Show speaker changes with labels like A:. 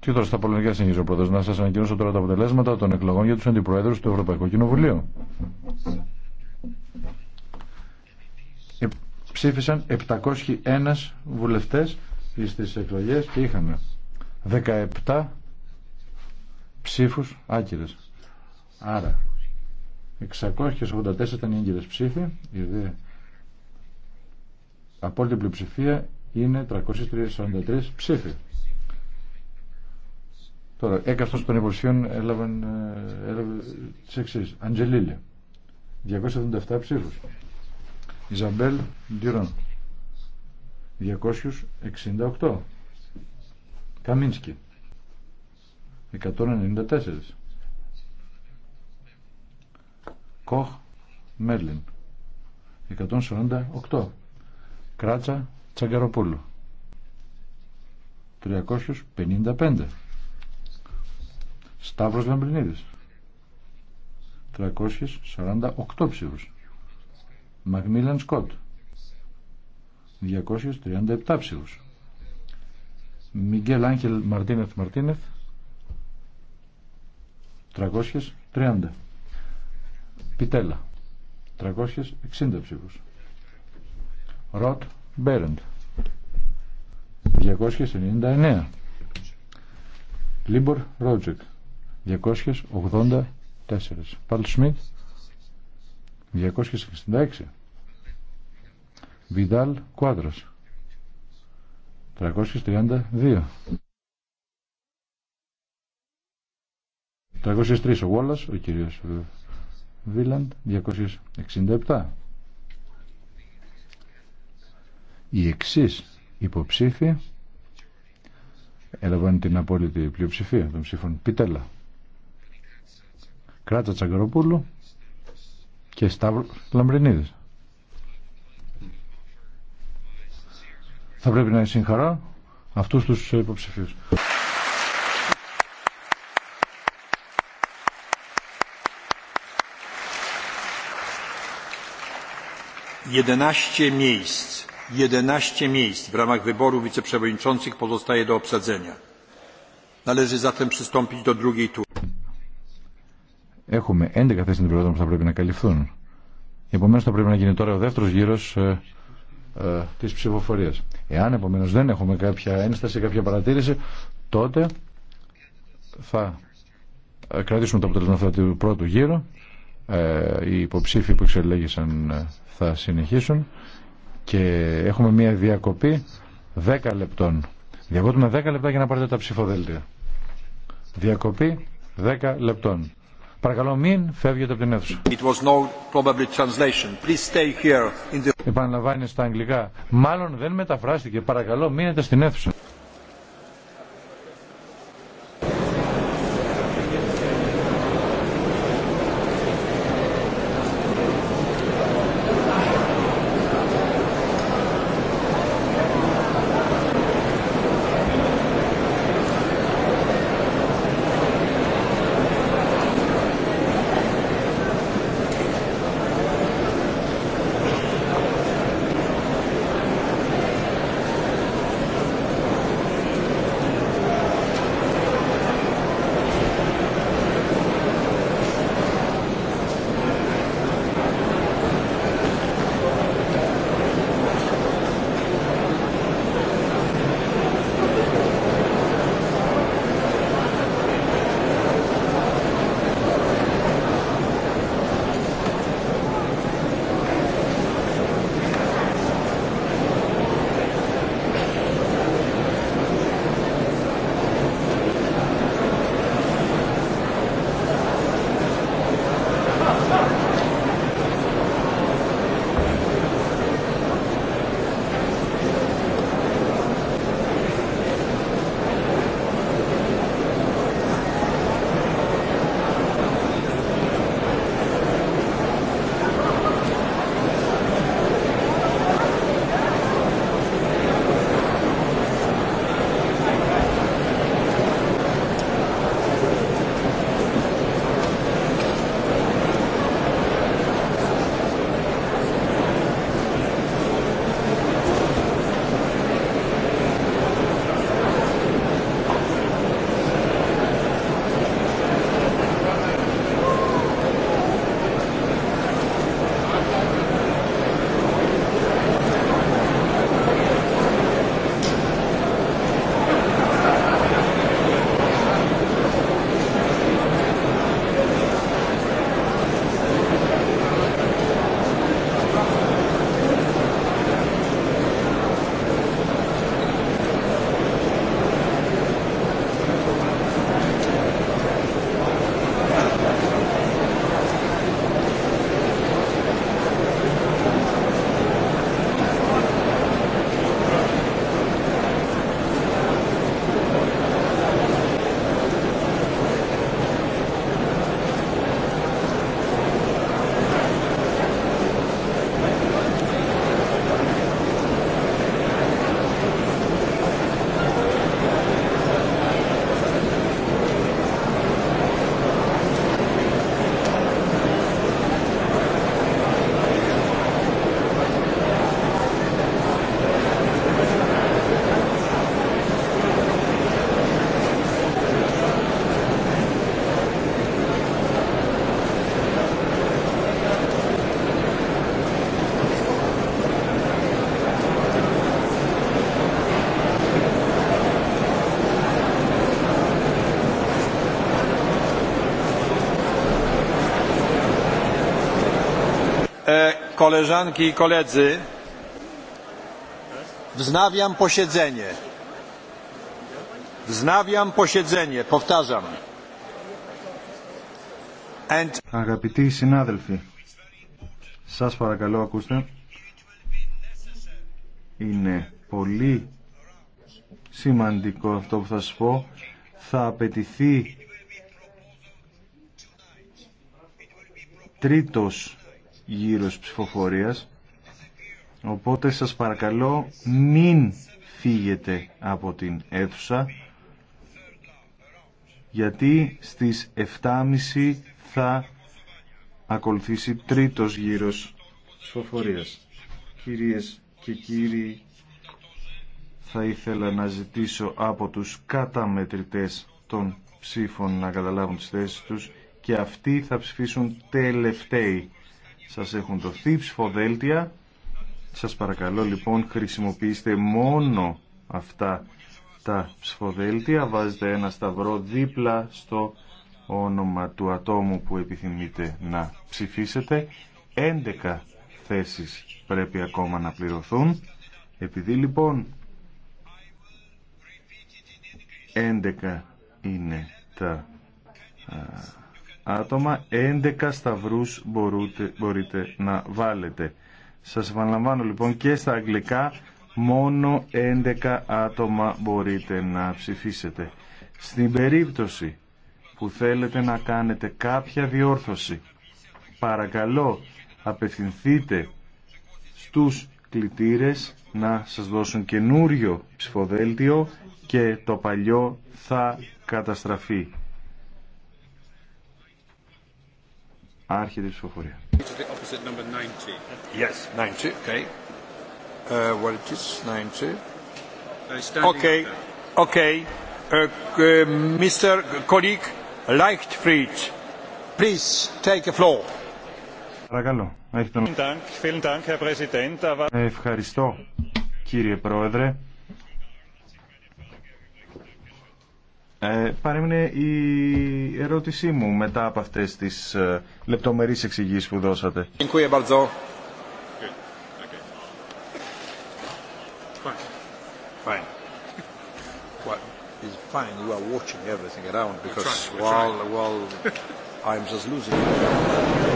A: Τι τώρα στα πολεμικά συνεχίζω πρώτα να σας ανακοινώσω τώρα τα αποτελέσματα των εκλογών για τους αντιπροέδρους του Ευρωπαϊκού Κοινοβουλίου. Ε, ψήφισαν 701 βουλευτές στι εκλογές και είχαμε 17 ψήφους άκυρες. Άρα 684 ήταν οι έγκυρες ψήφοι, η δε απόλυτη πλειοψηφία είναι 343 ψήφοι. Τώρα, έκαστος των υποψηφίων έλαβαν ε, έλαβε τις εξής. Αντζελίλη, 277 ψήφους. Ιζαμπέλ Ντιρόν, 268. Καμίνσκι, 194. Κοχ Μέρλιν, 148. Κράτσα Τσαγκαροπούλου. 355. Σταύρος Λαμπρινίδης. 348 ψήφους. Μακμίλαν Σκότ. 237 ψήφους. Μιγγέλ Άγγελ Μαρτίνεθ Μαρτίνεθ. 330. Πιτέλα. 360 ψήφους. Ροτ Μπέρεντ. 299. Λίμπορ Ρότζεκ. 284. Παλ Σμιτ. 266. Βιντάλ, Κουάδρος 332 303 ο Wallace ο κύριος Βίλαντ 267 οι εξή υποψήφοι έλαβαν την απόλυτη πλειοψηφία των ψήφων Πιτέλα Κράτσα Τσαγκαροπούλου και Σταύρο Λαμπρινίδης θα πρέπει να συγχαρώ αυτούς τους υποψηφίους Jedenaście miejsc jedenaście miejsc w ramach wyboru wiceprzewodniczących pozostaje do obsadzenia. Należy zatem przystąpić do drugiej tury. Έχουμε 11 θέσει των που θα πρέπει να καλυφθούν. Επομένω, θα πρέπει να γίνει τώρα ο δεύτερο γύρο ε, ε, τη ψηφοφορία. Εάν επομένω δεν έχουμε κάποια ένσταση, κάποια παρατήρηση, τότε θα ε, κρατήσουμε το αποτέλεσμα του πρώτου γύρου. Ε, οι υποψήφοι που εξελέγησαν ε, θα συνεχίσουν και έχουμε μια διακοπή 10 λεπτών. Διακόπτουμε 10 λεπτά για να πάρετε τα ψηφοδέλτια. Διακοπή 10 λεπτών. Παρακαλώ μην φεύγετε από την αίθουσα. It was no probably translation. Please stay here in the... Επαναλαμβάνει στα αγγλικά. Μάλλον δεν μεταφράστηκε. Παρακαλώ μείνετε στην αίθουσα. koleżanki i koledzy wznawiam posiedzenie wznawiam posiedzenie powtarzam
B: And... Αγαπητοί συνάδελφοι, σας παρακαλώ ακούστε. Είναι πολύ σημαντικό αυτό που θα σας πω. Θα απαιτηθεί τρίτος γύρος ψηφοφορίας. Οπότε σας παρακαλώ μην φύγετε από την αίθουσα γιατί στις 7.30 θα ακολουθήσει τρίτος γύρος ψηφοφορίας. Κυρίες και κύριοι, θα ήθελα να ζητήσω από τους καταμετρητές των ψήφων να καταλάβουν τις θέσεις τους και αυτοί θα ψηφίσουν τελευταίοι σας έχουν το δοθεί ψηφοδέλτια. Σας παρακαλώ λοιπόν χρησιμοποιήστε μόνο αυτά τα ψηφοδέλτια. Βάζετε ένα σταυρό δίπλα στο όνομα του ατόμου που επιθυμείτε να ψηφίσετε. 11 θέσεις πρέπει ακόμα να πληρωθούν. Επειδή λοιπόν 11 είναι τα άτομα, 11 σταυρούς μπορούτε, μπορείτε να βάλετε. Σας επαναλαμβάνω λοιπόν και στα αγγλικά μόνο 11 άτομα μπορείτε να ψηφίσετε. Στην περίπτωση που θέλετε να κάνετε κάποια διόρθωση, παρακαλώ απευθυνθείτε στους κλητήρες να σας δώσουν καινούριο ψηφοδέλτιο και το παλιό θα καταστραφεί. Άρχεται η ψηφοφορία.
A: Yes, 90, okay. Uh, well, it is 90. Okay, okay. Uh, Mr. Colleague Leichtfried, please take the floor.
B: Παρακαλώ. Έχετε... Ευχαριστώ, κύριε Πρόεδρε. Ε, παρέμεινε η ερώτησή μου μετά από αυτές τις ε, λεπτομερείς εξηγήσεις που δώσατε.